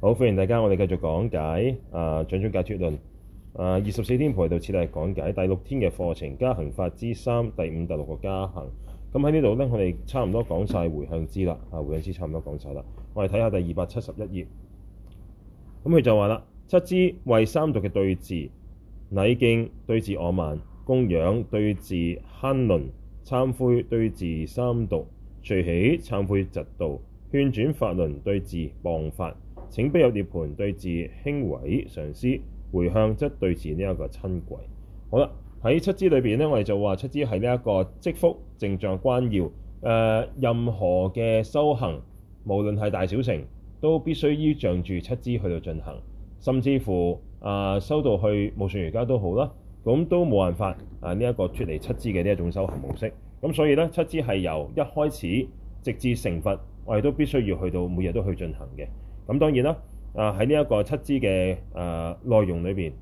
好，歡迎大家。我哋繼續講解《啊、呃、掌中解脱論》啊、呃，二十四天菩提道次第講解第六天嘅課程加行法之三第五、第六個加行。咁喺呢度咧，我哋差唔多講晒迴向支啦。啊，迴向支差唔多講晒啦。我哋睇下第二百七十一頁，咁佢就話啦：七支為三毒嘅對治禮敬對治我慢供養對治慳吝懺悔對治三毒隨喜懺悔嫉妒勸轉法輪對治謗法。請不入涅槃對治輕毀上師，迴向則對治呢一個瞋恚。好啦，喺七支裏邊咧，我哋就話七支係呢一個積福症像關要誒、呃，任何嘅修行，無論係大小乘，都必須依仗住七支去到進行，甚至乎啊，修、呃、到去無上瑜伽都好啦，咁都冇辦法啊呢一、這個脱離七支嘅呢一種修行模式。咁所以咧，七支係由一開始直至成佛，我哋都必須要去到每日都去進行嘅。咁當然啦，啊喺呢一個七支嘅、呃、內容裏面、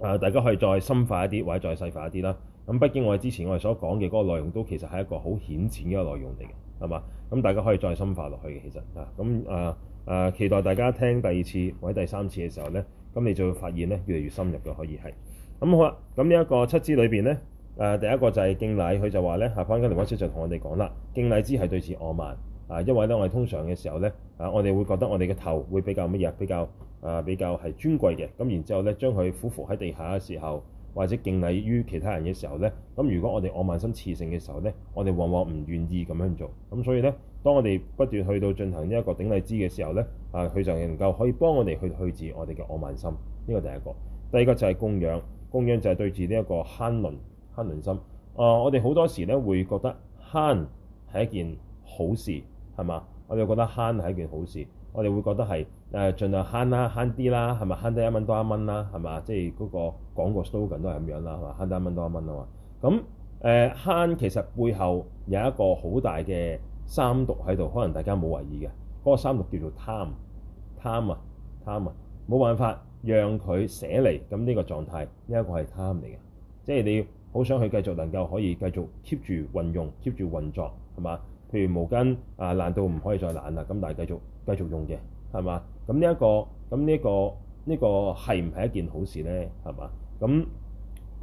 啊，大家可以再深化一啲，或者再細化一啲啦。咁、啊、畢竟我哋之前我哋所講嘅嗰個內容都其實係一個好顯淺嘅內容嚟嘅，係嘛？咁大家可以再深化落去嘅，其實啊，咁啊，啊期待大家聽第二次或者第三次嘅時候咧，咁你就會發現咧越嚟越深入嘅可以係。咁、啊、好啦、啊，咁呢一個七支裏面咧、啊，第一個就係敬禮，佢就話咧，下翻一間電話就同我哋講啦，敬禮支係對治我慢。啊，因為咧，我哋通常嘅時候咧，啊，我哋會覺得我哋嘅頭會比較乜嘢，比較啊、呃，比較係尊貴嘅。咁然之後咧，將佢俯伏喺地下嘅時候，或者敬禮於其他人嘅時候咧，咁如果我哋傲慢心熾盛嘅時候咧，我哋往往唔願意咁樣做。咁所以咧，當我哋不斷去到進行呢一個頂禮支嘅時候咧，啊，佢就能夠可以幫我哋去去治我哋嘅傲慢心。呢、這個第一個，第二個就係供養，供養就係對住呢一個慳吝慳吝心。啊、呃，我哋好多時咧會覺得慳係一件好事。係嘛？我哋覺得慳係一件好事，我哋會覺得係誒盡量慳啦，慳啲啦，係咪慳得一蚊多一蚊啦？係嘛？即係嗰個廣告 slogan 都係咁樣啦，係嘛？慳得一蚊多一蚊啊嘛！咁誒慳其實背後有一個好大嘅三毒喺度，可能大家冇懷疑嘅，嗰、那個三毒叫做貪貪啊貪啊！冇、啊啊、辦法讓佢捨離。咁呢個狀態呢一個係貪嚟嘅，即、就、係、是、你好想去繼續能夠可以繼續 keep 住運用、keep 住運作係嘛？譬如毛巾啊爛到唔可以再爛啦，咁但係繼續繼續用嘅係嘛？咁呢一個咁呢一個呢、呢個係唔係一件好事咧？係嘛？咁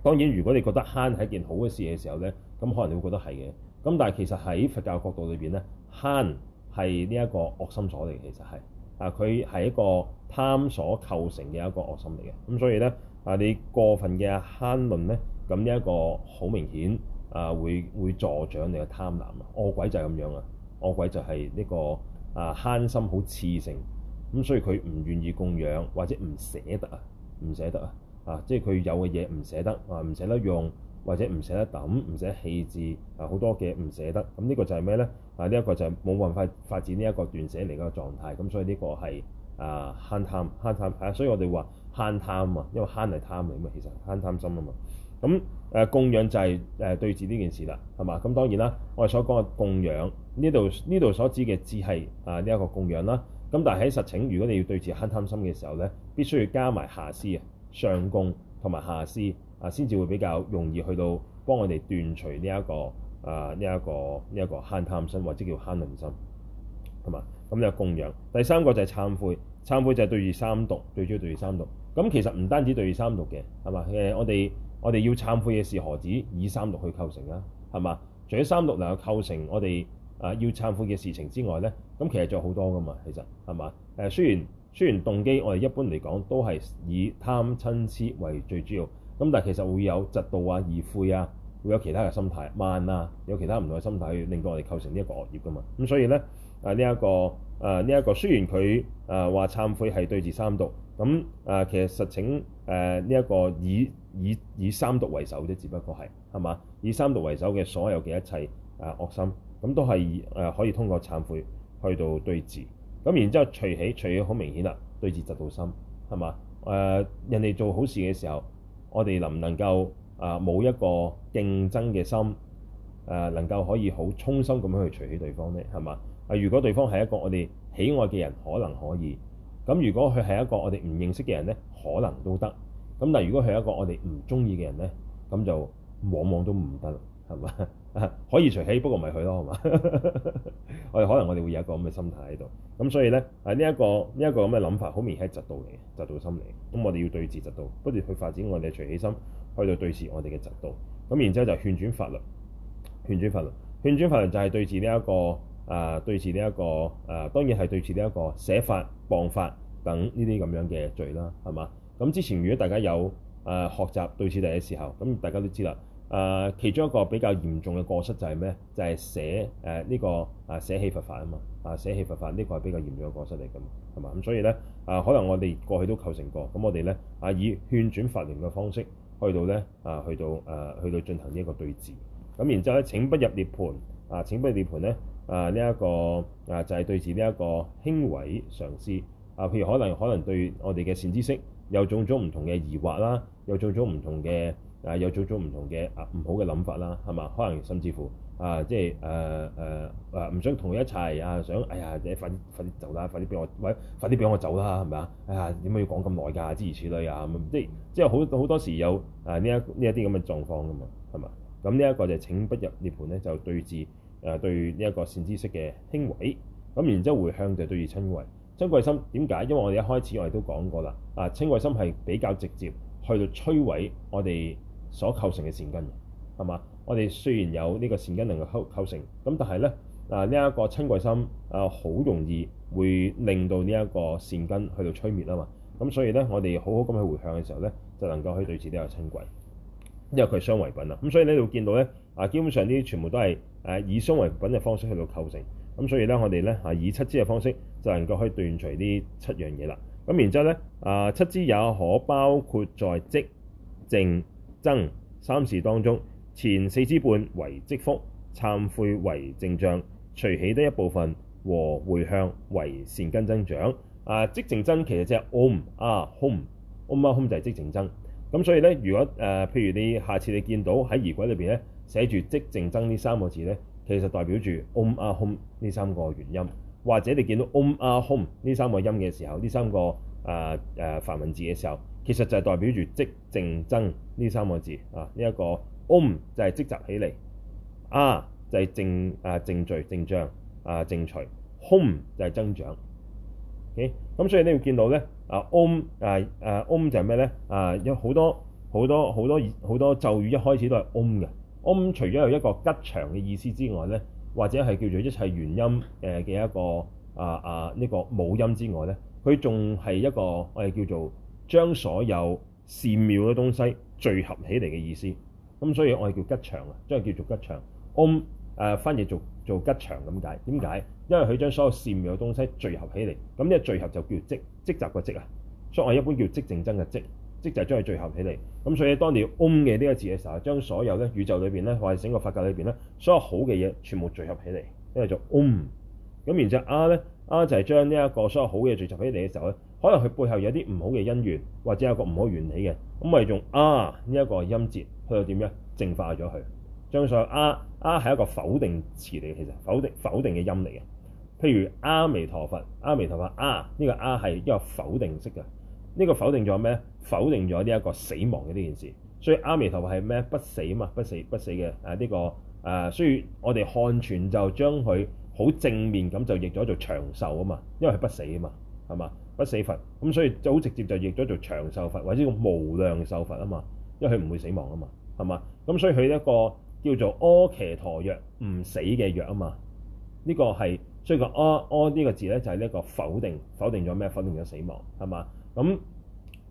當然如果你覺得慳係一件好嘅事嘅時候咧，咁可能你會覺得係嘅。咁但係其實喺佛教角度裏邊咧，慳係呢一個惡心所嚟嘅。其實係啊，佢係一個貪所構成嘅一個惡心嚟嘅。咁所以咧啊，你過分嘅慳論咧，咁呢一個好明顯。啊，會會助長你嘅貪婪啊！惡鬼就係咁樣啊！惡鬼就係呢個啊慳心好刺性，咁所以佢唔願意供養，或者唔捨得啊，唔捨得啊，啊，即係佢有嘅嘢唔捨得啊，唔捨得用，或者唔捨得抌，唔捨得棄置啊，好多嘅唔捨得，咁呢個就係咩咧？啊，呢一個就係冇辦法發展呢一個斷捨離嘅狀態，咁所以呢個係啊慳貪慳貪，係啊，所以我哋話慳貪啊嘛，因為慳係貪嚟嘅嘛，其實慳貪心啊嘛。咁誒、呃、供養就係、是、誒、呃、對治呢件事、呃這個、啦，係嘛？咁當然啦，我哋所講嘅供養呢度呢度所指嘅只係啊呢一個供養啦。咁但係喺實情，如果你要對治慳貪心嘅時候咧，必須要加埋下施」、「啊、上供同埋下施」呃，啊，先至會比較容易去到幫我哋斷除呢一個啊呢一個呢一、這個慳貪心或者叫慳吝心，係嘛？咁有供養第三個就係懺悔，懺悔就係對治三毒，最主要對治三毒。咁其實唔單止對治三毒嘅係嘛？我哋。我哋要懺悔嘅事何止以三毒去構成啊，係嘛？除咗三毒能夠構成我哋啊要懺悔嘅事情之外咧，咁其實仲有好多噶嘛，其實係嘛？誒雖然雖然動機我哋一般嚟講都係以貪瞋痴為最主要，咁但係其實會有嫉妒啊、意悔啊，會有其他嘅心態慢啊，有其他唔同嘅心態去令到我哋構成呢一個惡業噶嘛。咁所以咧啊呢一個。啊！呢、這、一個雖然佢啊話懺悔係對治三毒，咁啊其實實情誒呢一個以以以三毒為首啫，只不過係係嘛？以三毒為首嘅所有嘅一切啊惡心，咁都係誒、啊、可以通過懺悔去到對治。咁然之後除起除起好明顯啦，對治嫉妒心係嘛？誒、啊、人哋做好事嘅時候，我哋能唔能夠啊冇一個競爭嘅心誒、啊，能夠可以好衷心咁樣去隨喜對方呢？係嘛？啊！如果對方係一個我哋喜愛嘅人，可能可以咁。如果佢係一個我哋唔認識嘅人咧，可能都得咁。但係如果佢係一個我哋唔中意嘅人咧，咁就往往都唔得，係嘛？可以隨喜不過咪佢咯，係嘛？我 哋可能我哋會有一個咁嘅心態喺度咁，所以咧啊呢一個呢一、這個咁嘅諗法，好明顯係嫉妒嚟，嫉妒心理。咁我哋要對治嫉妒，不斷去發展我哋嘅隨喜心，去到對治我哋嘅嫉妒。咁然之後就勸轉法輪，勸轉法輪，勸轉法輪就係對治呢、這、一個。啊，對治呢一個啊，當然係對治呢一個捨法、謗法等呢啲咁樣嘅罪啦，係嘛？咁之前如果大家有啊學習對治嘅時候，咁大家都知啦。啊，其中一個比較嚴重嘅過失就係咩？就係、是、寫誒呢個啊捨棄佛法啊嘛。啊、這個、捨棄佛法呢、啊、個係比較嚴重嘅過失嚟嘅，係嘛？咁所以咧啊，可能我哋過去都構成過咁，我哋咧啊以勸轉法輪嘅方式去到咧啊去到啊去到進行呢一個對治。咁然之後咧，請不入涅槃啊！請不入涅槃咧。啊！呢、這、一個啊，就係、是、對治呢一個輕毀上師啊，譬如可能可能對我哋嘅善知識有種種唔同嘅疑惑啦，有種種唔同嘅啊，有種種唔同嘅啊唔好嘅諗法啦，係嘛？可能甚至乎啊，即係誒誒唔想同佢一齊啊，想哎呀，你快啲快啲走啦，快啲俾我、哎、快啲俾我走啦，係咪啊？哎呀，點解要講咁耐㗎？諸如此類啊咁，即係即係好好多時候有啊呢一呢一啲咁嘅狀況㗎嘛，係嘛？咁呢一個就請不入涅槃咧，就對治。誒、啊、對呢一個善知識嘅輕毀，咁然之後回向就對住瞋恚，瞋恚心點解？因為我哋一開始我哋都講過啦，啊瞋恚心係比較直接去到摧毀我哋所構成嘅善根嘅，係嘛？我哋雖然有呢個善根能夠構成，咁但係咧啊呢一、這個瞋恚心啊好容易會令到呢一個善根去到摧滅啊嘛，咁所以咧我哋好好咁去回向嘅時候咧，就能夠去以對治呢個瞋恚。因為佢係雙維品啊，咁所以咧你會見到咧啊，基本上呢啲全部都係誒以雙維品嘅方式去到構成，咁所以咧我哋咧啊以七支嘅方式就能夠去斷除呢七樣嘢啦。咁然之後咧啊，七支也可包括在積淨增三事當中，前四支半為積福，懺悔為淨障，隨喜的一部分和迴向為善根增長。啊，積淨增其實即係 om 啊，home om 啊 home 就係積淨增。咁所以咧，如果、呃、譬如你下次你見到喺儀軌裏面咧寫住積、淨、增呢三個字咧，其實代表住 Om、a Hum 呢三個元音，或者你見到 Om、a Hum 呢三個音嘅時候，呢三個誒、呃呃、梵文字嘅時候，其實就代表住積、淨、增呢三個字啊，呢、這、一個 Om 就係、是、積集起嚟 a 就係、是、淨啊淨聚淨、啊、聚啊淨除 Hum 就係、是、增長。咁、okay? 所以你會見到咧。啊 Om，誒誒嗡就係咩咧？啊，有好多好多好多好多咒語，一開始都係嗡嘅。嗡除咗有一個吉祥嘅意思之外咧，或者係叫做一切元音誒嘅一個啊啊呢個母音之外咧，佢仲係一個我哋叫做將所有善妙嘅東西聚合起嚟嘅意思。咁所以我哋叫吉祥啊，即係叫做吉祥嗡誒，翻譯做做吉祥咁解。點解？因為佢將所有善妙嘅東西聚合起嚟，咁呢個聚合就叫積積集個積啊，所以我一般叫積淨增嘅積，積就係將佢聚合起嚟。咁所以當你 Om 嘅呢個字嘅時候，將所有咧宇宙裏邊咧，或者整個法界裏邊咧，所有好嘅嘢全部聚合起嚟，om 然後啊、呢個叫嗡。m 咁然之後 R 咧，R 就係將呢一個所有好嘅聚集起嚟嘅時候咧，可能佢背後有啲唔好嘅因緣，或者有個唔好嘅原理嘅，咁咪用 R 呢一個音節去到點樣淨化咗佢，將所有 R R 係一個否定詞嚟嘅，其實否定否定嘅音嚟嘅。譬如阿彌陀佛，阿彌陀佛，啊呢個啊係一個否定式嘅，呢個否定咗咩？否定咗呢一個死亡嘅呢件事，所以阿彌陀佛係咩？不死啊嘛，不死不死嘅啊呢個啊，所以我哋漢傳就將佢好正面咁就譯咗做長壽啊嘛，因為佢不死啊嘛，係嘛，不死佛咁，所以就好直接就譯咗做長壽佛，或者叫無量壽佛啊嘛，因為佢唔會死亡啊嘛，係嘛咁，所以佢一個叫做阿伽陀藥，唔死嘅藥啊嘛，呢個係。所以個阿阿呢個字咧，就係呢個否定，否定咗咩？否定咗死亡係嘛？咁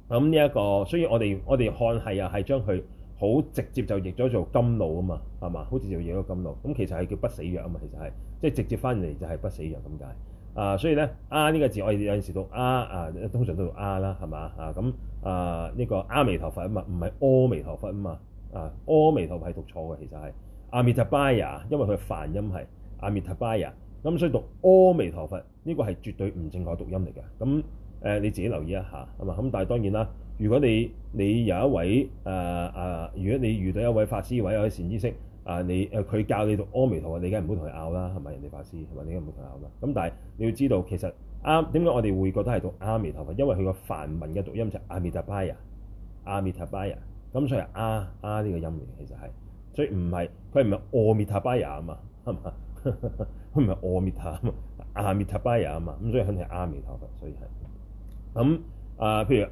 咁呢一個，所以我哋我哋漢系又係將佢好直接就譯咗做甘露」啊嘛，係嘛？好似就養咗「甘露」咁，其實係叫不死藥啊嘛。其實係即係直接翻嚟就係不死藥咁解啊。所以咧阿呢個字，我哋有陣時讀阿啊，啊，通常都用「阿啦，係嘛啊？咁啊呢、啊這個阿彌，阿彌陀佛」啊嘛，唔係阿彌陀佛」啊嘛啊，阿彌陀佛」係讀錯嘅。其實係阿 m i t a 因為佢嘅梵音係阿 m i t a b a 咁所以讀阿彌陀佛呢個係絕對唔正確的讀音嚟嘅。咁誒你自己留意一下，係嘛？咁但係當然啦，如果你你有一位誒誒、呃，如果你遇到一位法師或者有一位善知識啊，你誒佢教你讀阿彌陀佛，你梗係唔好同佢拗啦，係咪？人哋法師同埋你梗唔好同佢拗啦。咁但係你要知道，其實啱點解我哋會覺得係讀阿彌陀佛，因為佢個梵文嘅讀音就係阿彌陀巴啊，阿彌陀巴啊。咁所以啊啊呢個音唻，其實係。所以唔係，佢唔係阿彌陀佛呀嘛？係 嘛不是？ 佢唔係阿彌塔嘛？阿彌陀佛呀嘛？咁所以肯定係阿彌陀佛。所以係咁啊，譬如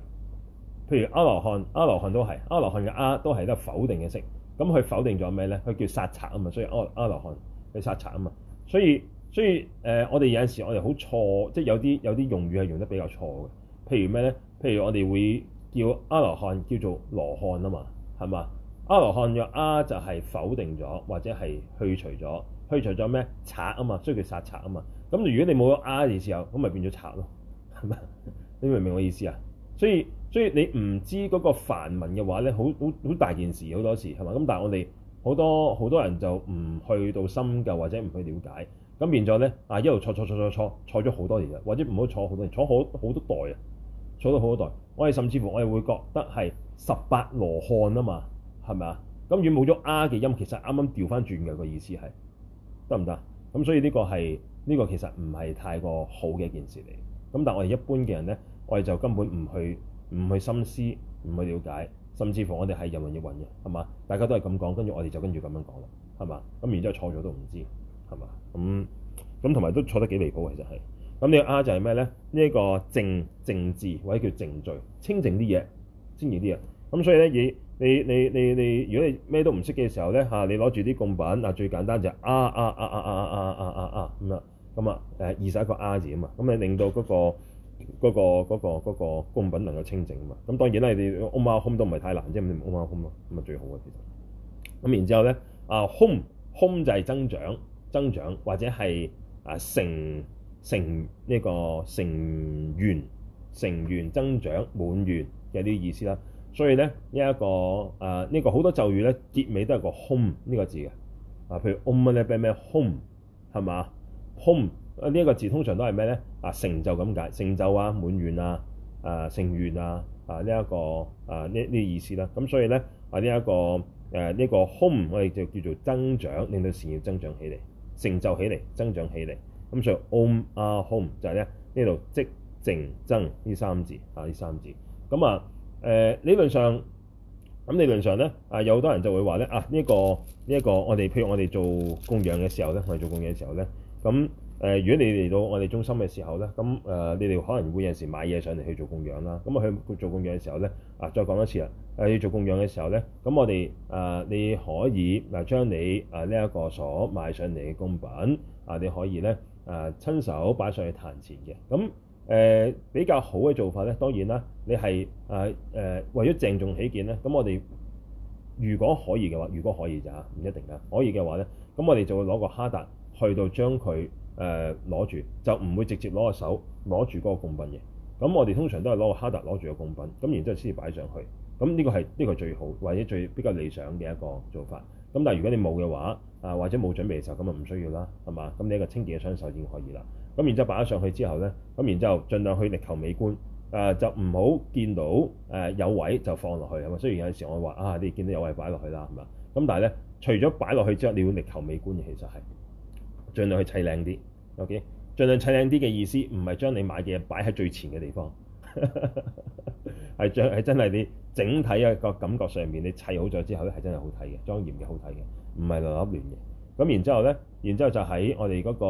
譬如阿羅漢，阿羅漢都係阿羅漢嘅阿都係得否定嘅色。咁佢否定咗咩咧？佢叫殺賊啊嘛，所以阿阿羅漢佢殺賊啊嘛。所以所以誒、呃，我哋有陣時我哋好錯，即係有啲有啲用語係用得比較錯嘅。譬如咩咧？譬如我哋會叫阿羅漢叫做羅漢啊嘛，係嘛？阿羅漢嘅阿就係否定咗，或者係去除咗去除咗咩？賊啊嘛，所以叫殺賊啊嘛。咁如果你冇咗阿嘅時候，咁咪變咗賊咯，係咪？你明唔明我意思啊？所以所以你唔知嗰個梵文嘅話咧，好好好大件事，好多事係嘛？咁但係我哋好多好多人就唔去到深究，或者唔去了解，咁變咗咧啊，一路錯錯錯錯錯錯咗好多年啦，或者唔好錯好多年，錯好好多代啊，錯到好多代。我哋甚至乎我哋會覺得係十八羅漢啊嘛。係咪啊？咁如果冇咗 R 嘅音，其實啱啱調翻轉嘅個意思，係得唔得啊？咁所以呢個係呢個其實唔係太過好嘅一件事嚟。咁但係我哋一般嘅人咧，我哋就根本唔去唔去深思、唔去了解，甚至乎我哋係人云亦云嘅，係嘛？大家都係咁講，跟住我哋就跟住咁樣講咯，係嘛？咁然之後錯咗都唔知，係嘛？咁咁同埋都錯得幾離譜其實係。咁呢個 R 就係咩咧？呢個淨淨字或者叫淨罪，清淨啲嘢、清淨啲嘢。咁所以咧，以你你你你，如果你咩都唔識嘅時候咧嚇，你攞住啲供品啊，最簡單就啊啊啊啊啊啊啊啊啊咁、啊、啦、啊，咁啊誒，二十一個 R 字啊嘛，咁你令到嗰個嗰、嗰個嗰、嗰個嗰、嗰個嗰個供品能夠清淨啊嘛，咁當然啦，你哋 o m e home 都唔係太難，即係咁你 o m e home 咯，咁啊最好，的好啊其實咁然之後咧啊，home home 就係增長增長或者係啊成成呢、這個成圓成圓增長滿圓嘅啲意思啦。所以咧呢一、這個誒呢、啊這個好多咒語咧結尾都係個 home 呢個字嘅啊，譬如 om namah home 係嘛 home 呢一、啊這個字通常都係咩咧啊成就咁解成就啊滿願啊啊成願啊啊呢一、這個啊呢呢、這個、意思啦、啊、咁所以咧啊呢一、這個誒呢、啊這個 home 我哋就叫做增長令到事業增長起嚟成就起嚟增長起嚟咁、嗯、所以 om、um, 啊、ah, home 就係咧呢度積淨增呢三字啊呢三字咁啊。誒理論上，咁理論上咧，啊有好多人就會話咧，啊呢一個呢一個，這個、我哋譬如我哋做供養嘅時候咧，我哋做供養嘅時候咧，咁誒、呃，如果你嚟到我哋中心嘅時候咧，咁誒、呃，你哋可能會有時買嘢上嚟去做供養啦。咁啊，啊，去做供養嘅時候咧，啊再講多次啊，誒要做供養嘅時候咧，咁我哋誒你可以嗱將你啊呢一、這個所買上嚟嘅供品，啊你可以咧誒、啊、親手擺上去壇前嘅，咁。誒、呃、比較好嘅做法咧，當然啦，你係誒誒為咗鄭重起見咧，咁我哋如果可以嘅話，如果可以就嚇，唔一定㗎，可以嘅話咧，咁我哋就會攞個哈達去到將佢誒攞住，就唔會直接攞個手攞住嗰個供品嘅。咁我哋通常都係攞個哈達攞住個供品，咁然之後先擺上去。咁呢個係呢、呢個最好或者最比較理想嘅一個做法。咁但如果你冇嘅話，啊、呃、或者冇準備嘅時候，咁就唔需要啦，係嘛？咁你一個清潔嘅雙手已經可以啦。咁然之後擺咗上去之後咧，咁然之後盡量去力求美觀，呃、就唔好見到、呃、有位就放落去啊嘛。雖然有陣時我話啊，你見到有位擺落去啦，係嘛？咁但係咧，除咗擺落去之後，你要力求美觀嘅，其實係盡量去砌靚啲。OK，盡量砌靚啲嘅意思，唔係將你買嘅嘢擺喺最前嘅地方，係 真係你整體一個感覺上面你砌好咗之後，係真係好睇嘅，莊嚴嘅好睇嘅，唔係亂攬亂嘅。咁然之後咧，然之後就喺我哋嗰、個、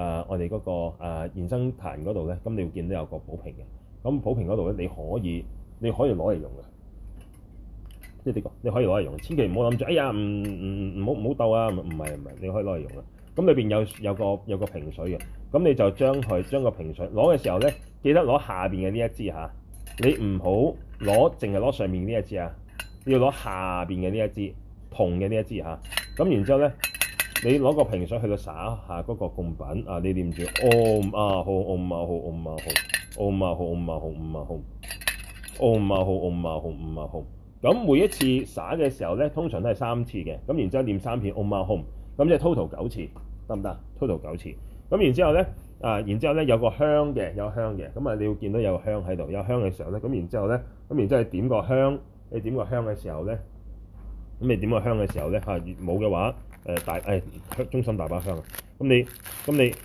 誒、我哋嗰、個誒現、呃呃、生壇嗰度咧，咁你會見到有個補瓶嘅。咁補瓶嗰度咧，你可以你可以攞嚟用嘅，即係呢個你可以攞嚟用。千祈唔好諗住，哎呀，唔唔唔，唔好唔好竇啊，唔係唔係，你可以攞嚟用嘅。咁裏面有有個有個瓶水嘅，咁你就將佢將個瓶水攞嘅時候咧，記得攞下面嘅呢一支吓。你唔好攞，淨係攞上面呢一支啊，要攞下邊嘅呢一支銅嘅呢一支吓。咁然之後咧。你攞個瓶水去到灑下嗰個供品啊，你念住 哦，馬好奧、哦、馬好奧、哦、馬好奧、哦、馬好奧、哦、馬好奧、哦、馬好奧好咁。哦哦嗯、每一次灑嘅時候咧，通常都係三次嘅。咁然之後念三遍奧馬好咁， 哦、即係 total 九次，得唔得？total 九次咁。然之後咧啊，然之後咧有個香嘅，有香嘅咁啊，你會見到有香喺度，有香嘅時候咧，咁然之後咧，咁然之後你點個香，你點個香嘅時候咧，咁你點個香嘅時候咧嚇，冇、啊、嘅話。誒、呃、大誒香、哎、中心大把香啊！咁你咁你誒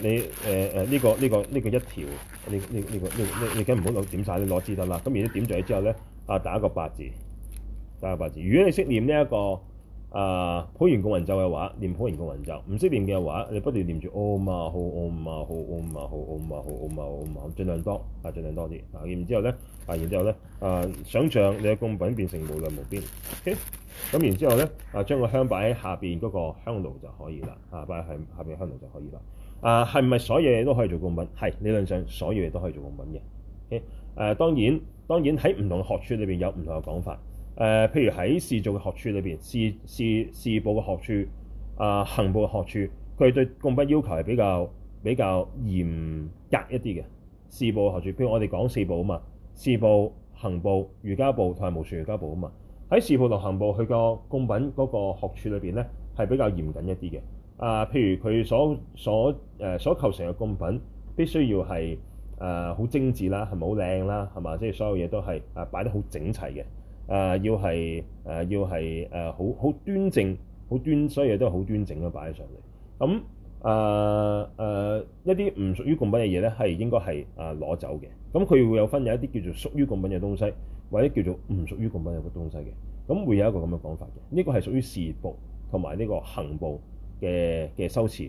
你誒誒呢個呢個呢個一條，你你呢個呢，你你梗唔好攞點晒，你攞支得啦。咁然後點咗之後咧，啊打一個八字，打個八字。如果你識念呢一個。啊，普賢供雲咒嘅話，唸普賢供雲咒，唔識唸嘅話，你不斷唸住奧嘛好奧嘛好奧嘛好奧嘛好奧嘛好奧嘛，盡量多啊，盡量多啲啊。然之後咧，啊，然之後咧，啊，想象你嘅供品變成無量無邊。咁、okay? 啊、然之後咧，啊，將個香擺喺下邊嗰個香爐就可以啦。啊，擺喺下邊香爐就可以啦。啊，係唔係所有嘢都可以做供品？係理論上所有嘢都可以做供品嘅。誒、okay? 啊，當然當然喺唔同學處裏邊有唔同嘅講法。誒、呃，譬如喺事做嘅學處裏面，事事事部嘅學處啊、呃，行部嘅學處，佢對供品要求係比較比較嚴格一啲嘅。事部學處，譬如我哋講四部啊嘛，事部、行部、瑜伽部同埋無上瑜伽部啊嘛。喺事部同行部佢個供品嗰個學處裏面咧，係比較嚴謹一啲嘅。啊、呃，譬如佢所所、呃、所構成嘅供品，必須要係啊好精緻啦，係咪好靚啦？係嘛，即係所有嘢都係、呃、擺得好整齊嘅。誒、呃、要係誒、呃、要係誒好好端正好端，所以都好端正咁擺起上嚟咁。誒誒一啲唔屬於供品嘅嘢咧，係應該係誒攞走嘅。咁、嗯、佢會有分有一啲叫做屬於供品嘅東西，或者叫做唔屬於供品嘅東西嘅。咁、嗯、會有一個咁嘅講法嘅。呢、這個係屬於事部同埋呢個行部嘅嘅修辭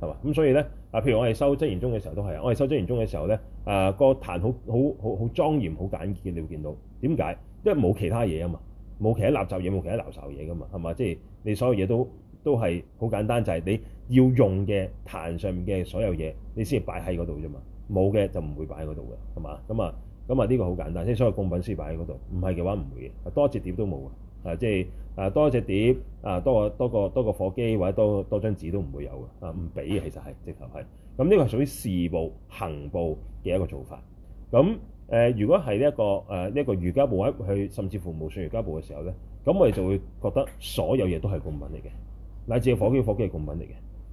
係嘛？咁所以咧啊，譬如我係修真言宗嘅時候都係，我係修真言宗嘅時候咧誒、呃這個壇好好好好莊嚴好簡潔，你會見到點解？為什麼？因為冇其他嘢啊嘛，冇其他垃圾嘢，冇其他流手嘢噶嘛，係嘛？即係你所有嘢都都係好簡單，就係你要用嘅壇上面嘅所有嘢，你先擺喺嗰度啫嘛。冇嘅就唔會擺喺嗰度嘅，係嘛？咁啊咁啊，呢個好簡單，即係所有供品先擺喺嗰度。唔係嘅話唔會嘅。多隻碟都冇啊！即係啊多隻碟啊多個多個多個火機或者多多張紙都唔會有啊！唔俾嘅其實係直頭係。咁呢個係屬於事部行部嘅一個做法。咁誒、呃，如果係呢一個誒呢一個瑜伽部，喺佢甚至乎無上瑜伽部嘅時候咧，咁我哋就會覺得所有嘢都係供品嚟嘅，乃至係火機、火機係供品嚟嘅。誒、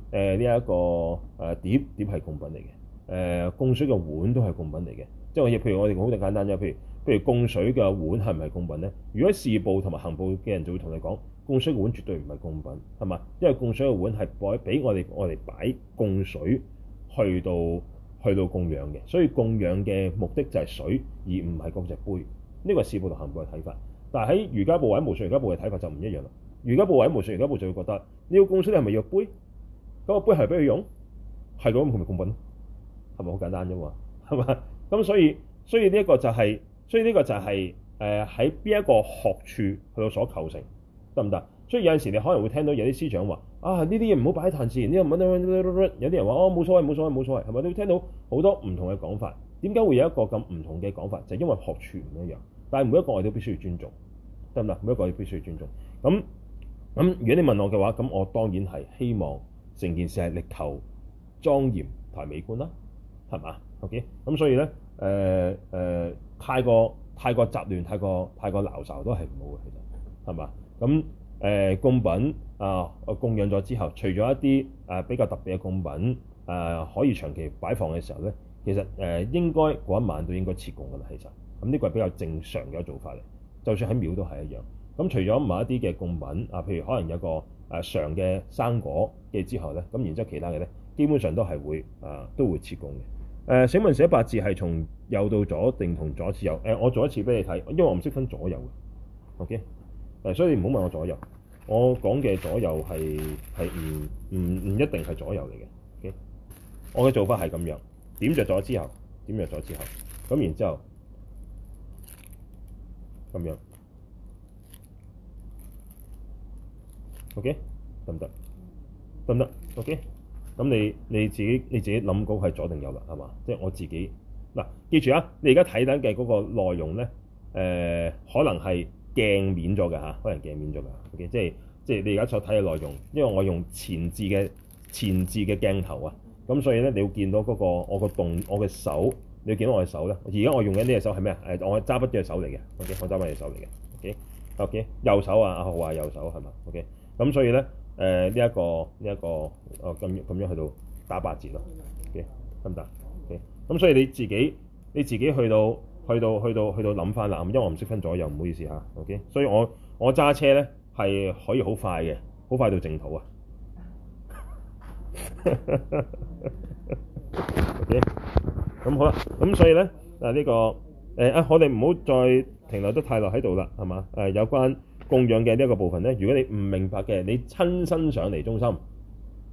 呃，呢、這、一個誒、呃、碟碟係供品嚟嘅。誒、呃，供水嘅碗都係供品嚟嘅。即係我哋譬如我哋好簡單啫，譬如譬如供水嘅碗係唔係供品咧？如果事部同埋行部嘅人就會同你講，供水嘅碗絕對唔係供品，係嘛？因為供水嘅碗係擺俾我哋我哋擺供水去到。去到供養嘅，所以供養嘅目的就係水，而唔係嗰隻杯。呢、這個係事部同行部嘅睇法，但係喺瑜伽部位喺無上瑜伽部嘅睇法就唔一樣啦。瑜伽部位喺無上瑜伽部就會覺得你要供水，你係咪要杯？嗰個杯係俾佢用，係咁係咪供品咯，係咪好簡單啫嘛？係嘛？咁所以所以呢一個就係，所以呢個就係誒喺邊一個學處去到所構成，得唔得？所以有陣時，你可能會聽到有啲師長話：啊，呢啲嘢唔好擺喺壇前呢？有啲人話：哦，冇所謂，冇所謂，冇所謂，係咪？你會聽到好多唔同嘅講法。點解會有一個咁唔同嘅講法？就是、因為學處唔一樣。但係每一個我都必須要尊重，得唔得？每一個人都必須要尊重。咁咁，如果你問我嘅話，咁我當然係希望成件事係力求莊嚴同埋美觀啦，係嘛？OK。咁所以咧，誒、呃、誒、呃，太過太過雜亂、太過太過鬧嘈都係唔好嘅，其實係嘛？咁。誒、呃、供品啊、呃，供養咗之後，除咗一啲誒、呃、比較特別嘅供品誒、呃，可以長期擺放嘅時候咧，其實誒、呃、應該嗰一晚都應該撤供噶啦。其實咁呢個係比較正常嘅做法嚟，就算喺廟都係一樣。咁、嗯、除咗某一啲嘅供品啊，譬如可能有一個誒常嘅生果嘅之後咧，咁、嗯、然之後其他嘅咧，基本上都係會啊、呃、都會撤供嘅。誒請問寫八字係從右到左定從左至右？誒、呃、我做一次俾你睇，因為我唔識分左右嘅。OK。誒，所以唔好問我左右，我講嘅左右係係唔唔唔一定係左右嚟嘅。O.K.，我嘅做法係咁樣，點着咗之後，點着咗之後，咁然之後，咁樣。O.K. 得唔得？得唔得？O.K. 咁你你自己你自己諗嗰個係左定右啦，係嘛？即係我自己。嗱，記住啊，你而家睇緊嘅嗰個內容咧，誒、呃，可能係。鏡面咗嘅吓，可能鏡面咗嘅，OK，即係即係你而家睇嘅內容，因為我用前置嘅前置嘅鏡頭啊，咁所以咧，你要見到嗰個我個動，我嘅手，你要見到我嘅手啦。而家我用緊呢隻手係咩啊？誒，我揸筆嗰隻手嚟嘅，OK，我揸筆隻手嚟嘅，OK，OK，右手啊，阿豪啊，右手係嘛？OK，咁所以咧，誒呢一個呢一個哦咁樣咁樣去到打八折咯，OK，得唔得？OK，咁所以你自己你自己去到。去到去到去到諗翻啦，因為我唔識分左右，唔好意思吓，OK，所以我我揸車咧係可以好快嘅，好快到淨土、 OK？啊。OK，咁好啦，咁所以咧誒呢個誒啊，我哋唔好再停留得太耐喺度啦，係嘛？誒有關供養嘅呢一個部分咧，如果你唔明白嘅，你親身上嚟中心，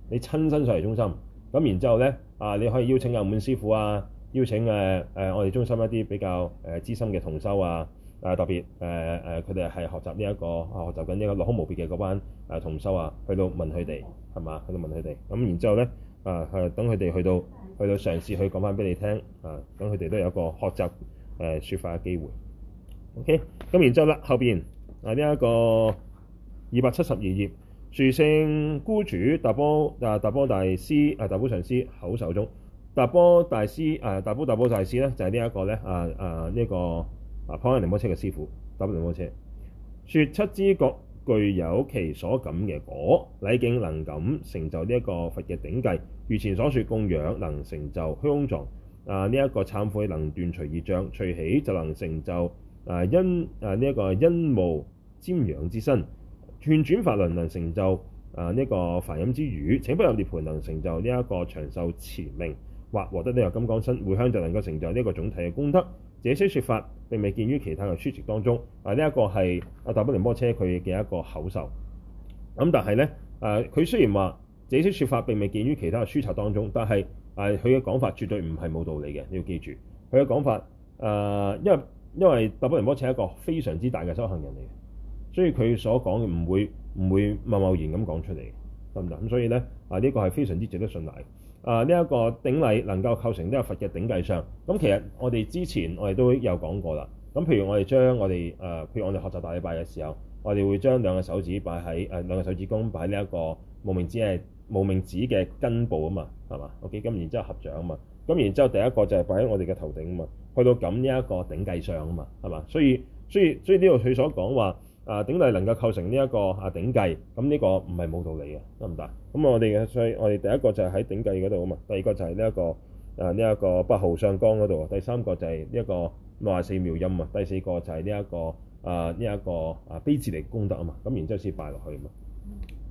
你親身上嚟中心，咁然之後咧啊，你可以邀請阿滿師傅啊。邀請誒誒，我哋中心一啲比較誒資深嘅同修啊，誒特別誒誒，佢哋係學習呢一個學習緊呢個落空無別嘅嗰班誒同修啊，去到問佢哋係嘛？去到問佢哋咁，然之後咧啊，係等佢哋去到去到嘗試去講翻俾你聽啊，等佢哋都有一個學習誒説法嘅機會。OK，咁然之後咧後邊啊呢一個二百七十二頁，殊勝怙主達波啊達波大師啊達波上師口授中，達波大師，誒達波達波大師咧，就係呢一個咧，啊啊呢一、這個啊跑人電摩車嘅師傅，達波電摩車。説七支各具有其所感嘅果，禮敬能咁成就呢一個佛嘅頂髻。如前所説，供養能成就虛空藏，啊呢一、這個懺悔能斷除二障，隨喜就能成就啊因啊呢一、這個因無瞻仰之身，勸轉，轉法輪能成就啊呢、這個梵音之語。請不入涅槃能成就呢一個長壽持明。或獲得呢個金剛身，迴向就能夠成就呢一個總體嘅功德。這些説法並未見於其他嘅書籍當中。啊，呢、這、一個係阿達波仁波切佢嘅一個口授。咁、啊、但係咧，誒、啊、佢雖然話這些説法並未見於其他嘅書籍當中，但係誒佢嘅講法絕對唔係冇道理嘅。你要記住，佢嘅講法誒、啊，因為因為達波仁波切係一個非常之大嘅修行人嚟嘅，所以佢所講嘅唔會唔會貿貿然咁講出嚟，得唔得？咁、啊、所以咧，啊呢、這個係非常之值得信賴。啊！呢、這、一個頂禮能夠構成呢個佛嘅頂髻相。咁其實我哋之前我哋都有講過啦。咁譬如我哋將我哋誒、呃，譬如我哋學習大禮拜嘅時候，我哋會將兩個手指擺喺誒兩個手指公擺呢一個無名指係無名指嘅根部啊嘛，係嘛？OK，咁然之後合掌啊嘛，咁然之後第一個就係擺喺我哋嘅頭頂啊嘛，去到咁呢一個頂髻相啊嘛，係嘛？所以所以所以呢度佢所講話。啊、呃、頂禮能夠構成呢、這、一個啊頂髻，咁呢個唔係冇道理嘅，得唔得？咁我哋嘅所以我哋第一個就係喺頂髻嗰度啊嘛，第二個就係呢一個啊呢一、這個白毫相光嗰度啊，第三個就係呢一個六十四妙音啊，第四個就係呢一個啊呢一、這個啊，啊，啊悲智力功德啊嘛，咁、啊、然之後先拜落去啊嘛，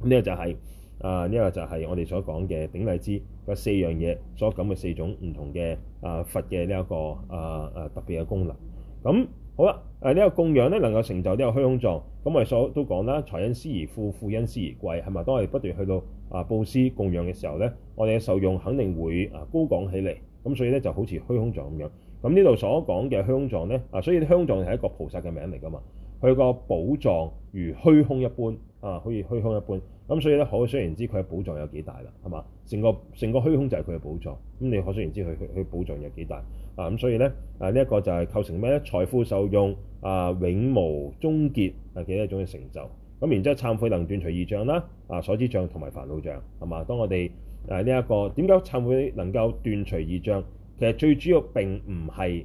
咁呢個就係、是、啊呢、這個就係我哋所講嘅頂禮支四樣嘢，所感嘅四種唔同嘅啊佛嘅呢一個啊啊特別嘅功能，咁。好啦，誒、這、呢個供養咧能夠成就呢個虛空藏，咁我哋所都講啦，財因施而富，富因施而貴，係咪？當我哋不斷去到啊佈施供養嘅時候咧，我哋嘅受用肯定會啊高廣起嚟，咁所以咧就好似虛空藏咁樣。咁呢度所講嘅虛空藏咧，啊，所以虛空藏係一個菩薩嘅名嚟㗎嘛，佢個寶藏如虛空一般，啊，好似虛空一般。咁所以咧，可想而知，佢嘅寶藏有幾大啦，係嘛？成個成個虛空就係佢嘅寶藏。咁你可想而知，佢佢佢寶藏有幾大啊？咁所以咧，誒呢一個就係構成咩咧？財富受用啊，永無終結係、啊、幾多種嘅成就。咁然之後，懺悔能斷除二障啦，啊所知障同埋煩惱障係嘛？當我哋誒呢一個點解懺悔能夠斷除二障？其實最主要並唔係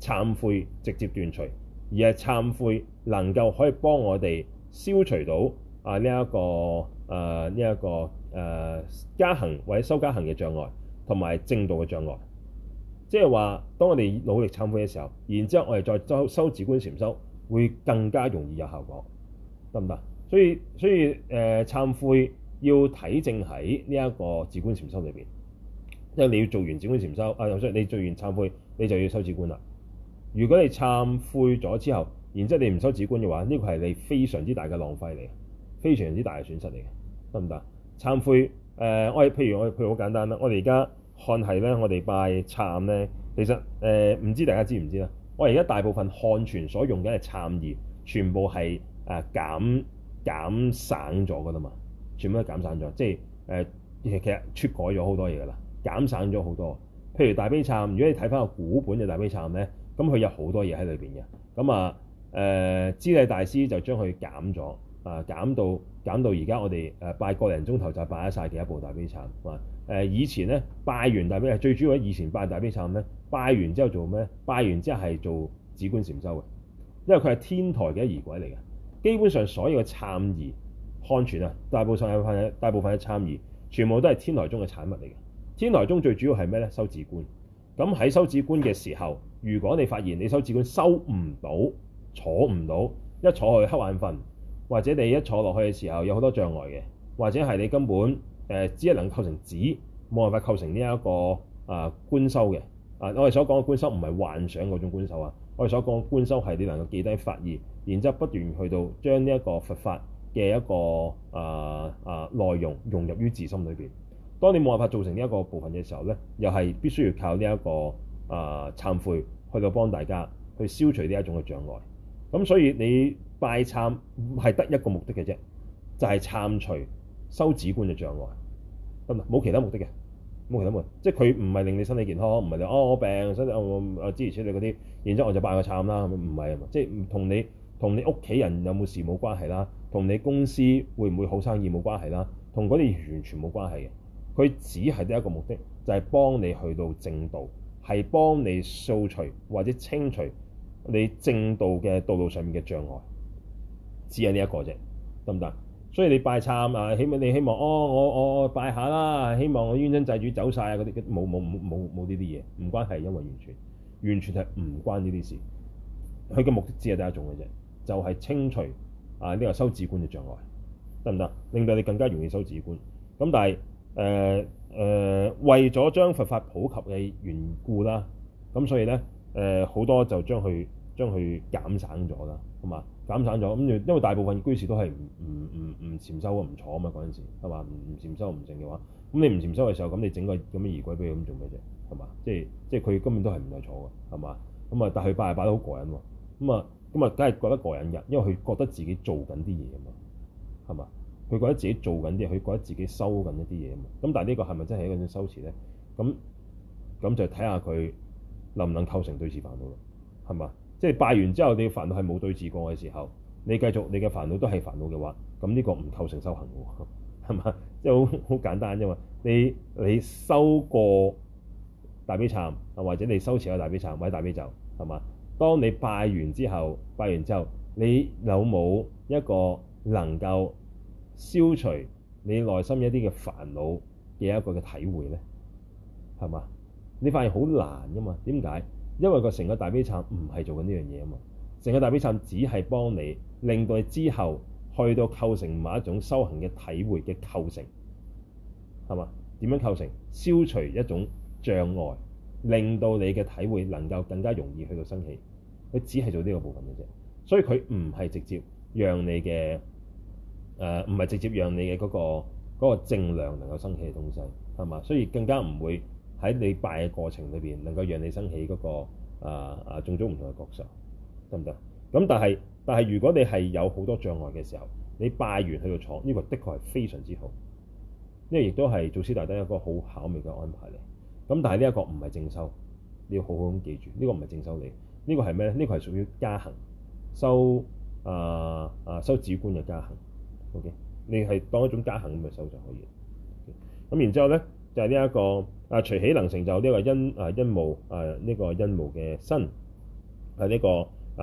懺悔直接斷除，而係懺悔能夠可以幫我哋消除到啊呢一個。誒呢一個誒、呃、加行或者修加行嘅障礙，同埋正道嘅障礙，即係話，當我哋努力懺悔嘅時候，然之後我哋再修修止觀禪修，會更加容易有效果，得唔得？所以所以誒，懺、呃、悔要體證喺呢一個止觀禪修裏面，因為你要做完止觀禪修啊，你做完懺悔，你就要修止觀啦。如果你懺悔咗之後，然之後你唔修止觀嘅話，呢、這個係你非常之大嘅浪費嚟。非常之大嘅損失嚟嘅，得唔得？懺悔誒、呃，我哋譬如我哋譬如好簡單啦，我哋而家漢系咧，我哋拜懺咧，其實誒唔、呃、知道大家知唔知啦？我而家大部分漢傳所用嘅係懺業，全部係誒減減省咗噶啦嘛，全部都減省咗。即係誒、呃、其實出改咗好多嘢啦，減省咗好多。譬如大悲懺，如果你睇翻個古本嘅大悲懺咧，咁佢有好多嘢喺裏邊嘅。咁啊誒，知、呃、禮大師就將佢減咗。啊！減到減到，而家我哋拜個零鐘頭就拜得曬嘅一部大悲懺。話、啊、以前咧拜完大悲懺，最主要以前拜大悲懺咧拜完之後做咩？拜完之後係做止觀禪修嘅，因為佢係天台嘅儀軌嚟嘅。基本上所有嘅懺儀漢傳啊，大部分有份嘅，大部分係懺儀，全部都係天台宗嘅產物嚟嘅。天台宗最主要係咩咧？收止觀。咁喺收止觀嘅時候，如果你發現你收止觀收唔到，坐唔到，一坐去瞌眼瞓。或者你一坐落去嘅時候有好多障礙嘅，或者係你根本誒、呃、只係能構成字，冇辦法構成呢、這、一個啊、呃、觀修嘅。啊、呃，我哋所講嘅觀修唔係幻想嗰種觀修啊，我哋所講嘅觀修係你能夠記低法義，然之後不斷去到將呢一個佛法嘅一個啊啊、呃呃、內容融入於自心裏邊。當你冇辦法做成呢一個部分嘅時候呢，又係必須要靠呢、這、一個啊、呃、懺悔去到幫大家去消除呢一種嘅障礙。咁所以你。拜懺係得一個目的嘅啫，就係懺除修止觀嘅障礙，唔冇其他目的嘅，冇其他目的，即係佢唔係令你身體健康，唔係你哦我病，所以啊啊之如此類嗰啲，然之後我就拜個懺啦，唔係啊，即係同你同你屋企人有冇事冇關係啦，同你公司會唔會好生意冇關係啦，同嗰啲完全冇關係嘅。佢只係得一個目的，就係、是、幫你去到正道，係幫你掃除或者清除你正道嘅道路上面嘅障礙。只係呢一個啫，得唔得？所以你拜懺啊，起碼你希望哦，我我拜下啦，希望我冤親債主走晒。啊，嗰啲冇冇冇冇呢啲嘢，唔關係，因為完全完全係唔關呢啲事。佢嘅目的只係第一種嘅啫，就係清除啊呢個修治觀嘅障礙，得唔得？令到你更加容易修治觀。咁但係誒誒，為咗將佛法普及嘅緣故啦，咁所以咧誒好多就將佢將佢減省咗啦，係嘛？減產咗，咁就因為大部分居士都係唔唔唔唔禪修啊，唔坐啊嘛，嗰陣時係嘛，唔禪修唔靜嘅話，咁你唔禪修嘅時候，咁你整個咁樣儀軌畀佢咁做咩啫？係嘛，即係即係佢根本都係唔係坐嘅，係嘛，咁啊，但係擺係擺得好過癮喎，咁啊，咁啊，梗係覺得過癮人，因為佢覺得自己做緊啲嘢啊嘛，係嘛，佢覺得自己做緊啲，佢覺得自己收緊一啲嘢啊嘛，咁但係呢個係咪真係一個修持咧？咁咁就睇下佢能唔能構成對治煩惱啦，係嘛？即係拜完之後，你嘅煩惱係冇對治過嘅時候，你繼續你嘅煩惱都係煩惱嘅話，咁呢個唔構成修行嘅喎，係嘛？即係好好簡單啫嘛。你你修過大悲懺啊，或者你修持有大悲懺或者大悲咒，係嘛？當你拜完之後，拜完之後，你有冇一個能夠消除你內心一啲嘅煩惱嘅一個嘅體會咧？係嘛？你發現好難嘅嘛？點解？因為個成個大悲懺唔係做緊呢樣嘢啊嘛，成個大悲懺只係幫你令到你之後去到構成某一種修行嘅體會嘅構成，係嘛？點樣構成？消除一種障礙，令到你嘅體會能夠更加容易去到生起。佢只係做呢個部分嘅啫，所以佢唔係直接讓你嘅誒，唔係直接讓你嘅嗰個嗰個正量能夠生起嘅東西，係嘛？所以更加唔會。喺你拜嘅過程裏邊，能夠讓你升起嗰個啊啊種種唔同嘅覺受，得唔得？咁但係但係，如果你係有好多障礙嘅時候，你拜完去到坐呢個，的確係非常之好，呢個亦都係祖師大德一個好巧妙嘅安排嚟。咁但係呢一個唔係正修，你要好好咁記住，呢個唔係正修你，呢個係咩？呢個係屬於加行修，啊啊，修止觀嘅加行。O.K. 你係當一種加行咁去修就可以。咁、okay? 然之後咧。就係呢一個啊，隨喜能成就呢個因啊，因無啊呢、這個、因無嘅身係呢個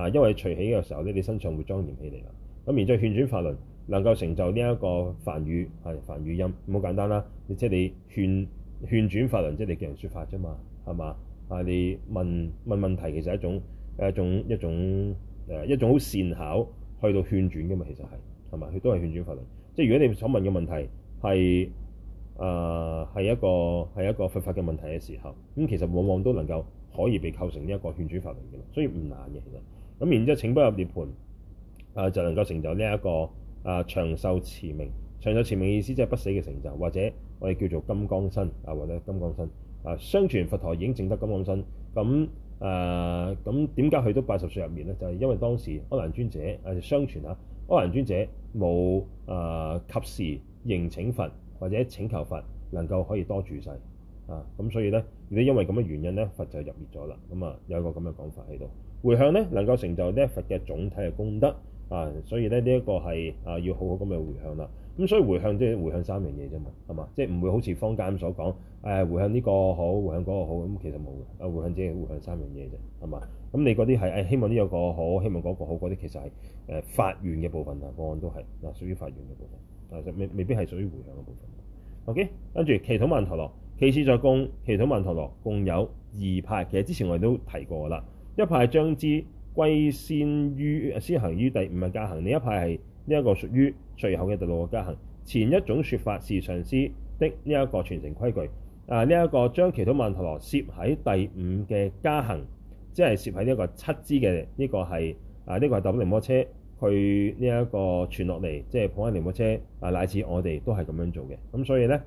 啊，因為隨喜嘅時候咧，你身上會莊嚴起嚟啦。咁然之後勸轉法輪能夠成就呢一個梵語係梵語音，咁好簡單啦。你即係你勸勸轉法輪，即係你叫人說法啫嘛，係嘛？啊，你問問問題其實係一種誒一種一種誒一種好善巧去到勸轉嘅嘛，其實係係咪？佢都係勸轉法輪。即係如果你想問嘅問題係。誒、呃、係一個係一個佛法嘅問題嘅時候，咁、嗯、其實往往都能夠可以被構成呢一個勸轉法輪嚟嘅，所以唔難嘅。其實咁然之後，請不入涅槃誒，就能夠成就呢、這、一個誒長壽持明。長壽持明意思即係不死嘅成就，或者我哋叫做金剛身啊，或者金剛身啊。相傳佛陀已經整得金剛身咁誒，咁點解去到八十歲入面咧？就係、是、因為當時阿難尊者誒相傳啊，阿難尊者冇誒、呃、及時迎請佛。或者請求佛能夠可以多住世啊，咁所以咧，如果因為咁嘅原因咧，佛就入滅咗啦。咁啊，有一個咁嘅講法喺度。回向咧，能夠成就呢一佛嘅總體嘅功德啊，所以咧呢一個係啊，要好好咁嘅回向啦。咁、啊、所以回向即係回向三樣嘢啫嘛，係嘛？即係唔會好似坊間咁所講，誒、啊、回向呢個好，回向嗰個好，咁其實冇嘅。啊回向即係回向三樣嘢啫，係嘛？咁你嗰啲係誒希望呢有個好，希望嗰個好，嗰啲其實係誒發願嘅部分啊，個案、啊、都係嗱、啊、屬於發願嘅部分，但係未未必係屬於回向嘅部分。O.K. 跟住祈禱曼荼羅，其次再供祈禱曼荼羅共有二派。其實之前我哋都提過啦，一派將之歸先於先行於第五個加行，另一派係呢一個屬於最後嘅第六個加行。前一種說法是上師的呢一個傳承規矩，啊呢一個將祈禱曼荼羅攝喺第五嘅加行，即係攝喺呢一個七支嘅呢個係啊呢個係搭摩車？去呢一個傳落嚟，即係普安電務車啊，乃至我哋都係咁樣做嘅。咁所以咧，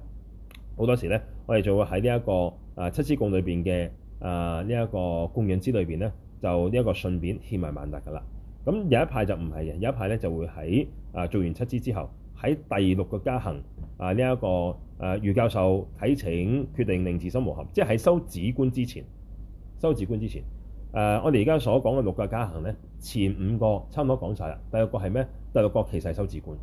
好多時咧，我哋就會喺呢一個啊、呃、七支供裏面嘅啊呢一個供養支裏面咧，就呢一個順便獻埋曼達噶啦。咁有一派就唔係嘅，有一派咧就會喺啊、呃、做完七支之後，喺第六個、呃這個加行啊呢一個啊教授啟請決定令自身無憾，即係喺收子觀之前，收子觀之前。誒、呃，我哋而家所講嘅六個加行咧，前五個差唔多講晒啦。第六個係咩？第六個其實係收止觀，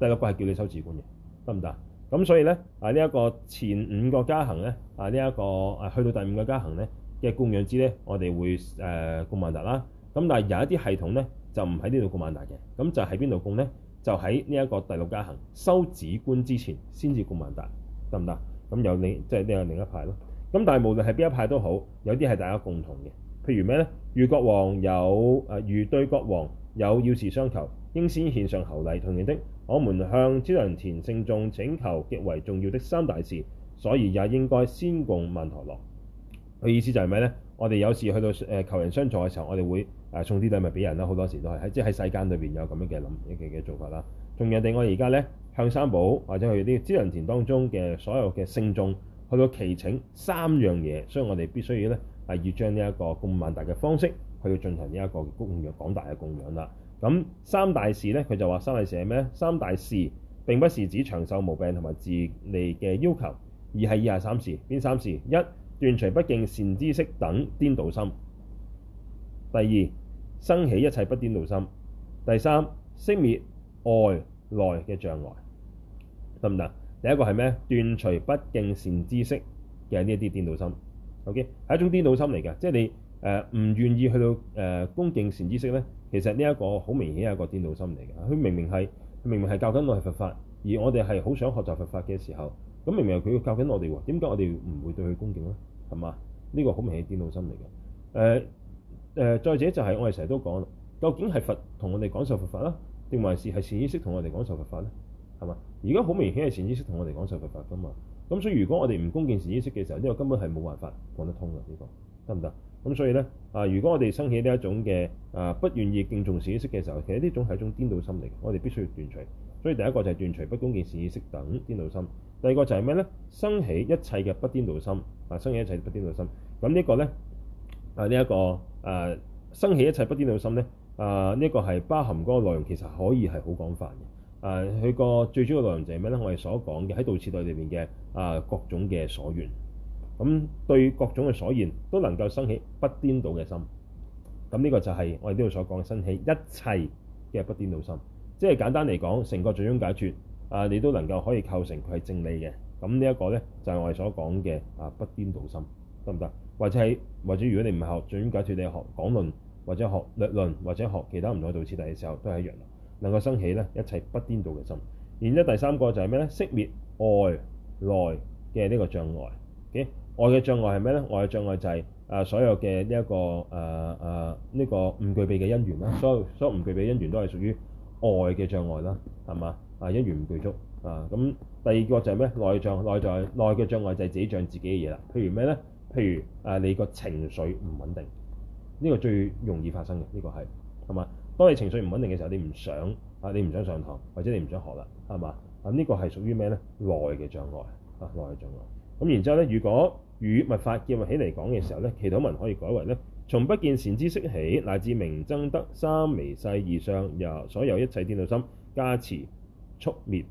第六個係叫你收止觀嘅，得唔得？咁所以咧，啊呢一、這個前五個加行咧，啊呢一、這個啊去到第五個加行咧嘅供養支咧，我哋會誒供、呃、曼達啦。咁但係有一啲系統咧就唔喺呢度供曼達嘅，咁就喺邊度供咧？就喺呢一個第六加行收止觀之前先至供曼達，得唔得？咁有你即係呢個另一派咯。咁但係無論係邊一派都好，有啲係大家共同嘅。譬如咩咧？如國王有誒，如、啊、對國王有要事相求，應先獻上厚禮。同樣的，我們向資糧田聖眾請求極為重要的三大事，所以也應該先供曼荼羅。佢意思就係咩咧？我哋有時去到誒求人相助嘅時候，我哋會誒、啊、送啲禮物俾人啦，好多時都係喺即係喺世間裏邊有咁樣嘅諗，一嘅嘅做法啦。同樣地，我而家咧向三寶或者去啲資糧田當中嘅所有嘅聖眾去到祈請三樣嘢，所以我哋必須要咧。係要將呢一個咁曼達嘅方式去進行呢一個供養，廣大嘅供養啦。咁三大事呢，佢就話三大事係咩？三大事並不是指長壽無病、同埋自利嘅要求，而係以下三事。邊三事？一，斷除不敬善知識等顛倒心；第二，生起一切不顛倒心；第三，息滅外內嘅障礙，得唔得？第一個係咩？斷除不敬善知識嘅呢啲顛倒心。O.K. 係一種顛倒心嚟嘅，即係你誒唔、呃、願意去到誒、呃、恭敬善知識咧，其實呢一個好明顯係一個顛倒心嚟嘅。佢明明係明明係教緊我係佛法，而我哋係好想學習佛法嘅時候，咁明明係佢教緊我哋喎，點解我哋唔會對佢恭敬咧？係嘛？呢、這個好明顯顛倒心嚟嘅。誒、呃、誒、呃，再者就係我哋成日都講啦，究竟係佛同我哋講授佛法啦，定還是係善知識同我哋講授佛法咧？係嘛？而家好明顯係善知識同我哋講授佛法噶嘛？咁所以如果我哋唔恭敬善知識嘅時候，呢、這個根本係冇辦法講得通嘅，呢、這個得唔得？咁所以咧啊、呃，如果我哋生起呢一種嘅啊、呃，不願意敬重善知識嘅時候，其實呢種係一種顛倒心嚟，我哋必須要斷除。所以第一個就係斷除不恭敬善知識等顛倒心，第二個就係咩咧？生起一切嘅不顛倒心，啊，生起一切不顛倒心。咁呢個咧啊，呢、這、一個啊、呃，生起一切不顛倒心咧啊，呢、這、一個係包含嗰個內容，其實可以係好廣泛嘅。誒佢個最主要內容就係咩咧？我哋所講嘅喺道次第裏邊嘅啊各種嘅所緣，咁對各種嘅所緣都能夠生起不顛倒嘅心，咁呢個就係我哋呢度所講嘅生起一切嘅不顛倒心。即係簡單嚟講，成個掌中解脫啊，你都能夠可以構成佢係正理嘅。咁呢一個咧就係、是、我哋所講嘅啊不顛倒心，得唔得？或者係或者如果你唔學掌中解脫，你學廣論或者學略論或者學其他唔同嘅道次第嘅時候，都係一樣。能夠生起咧一切不顛倒嘅心，然之後第三個就係咩咧？熄滅外內嘅呢個障礙。嘅、okay? 外嘅障礙係咩咧？外嘅障礙就係誒所有嘅呢一個誒誒呢個唔具備嘅因緣啦。所有、這個啊啊這個、不所有唔具備嘅因緣都係屬於外嘅障礙啦，係嘛？啊，因緣唔具足啊。咁第二個就係咩？內障內在內嘅障礙就係自己障自己嘅嘢啦。譬如咩咧？譬如誒、啊、你個情緒唔穩定，呢、這個最容易發生嘅呢、這個係係嘛？當你情緒唔穩定嘅時候，你唔想啊，你唔想上堂，或者你唔想學啦，係嘛？啊，呢個係屬於咩呢？內嘅障礙啊，內嘅障礙。咁然之後呢，如果與密法結起嚟講嘅時候呢，祈禱文可以改為呢：從不見善知識起，乃至明增得三微細二相，由所有一切顛倒心加持，速滅。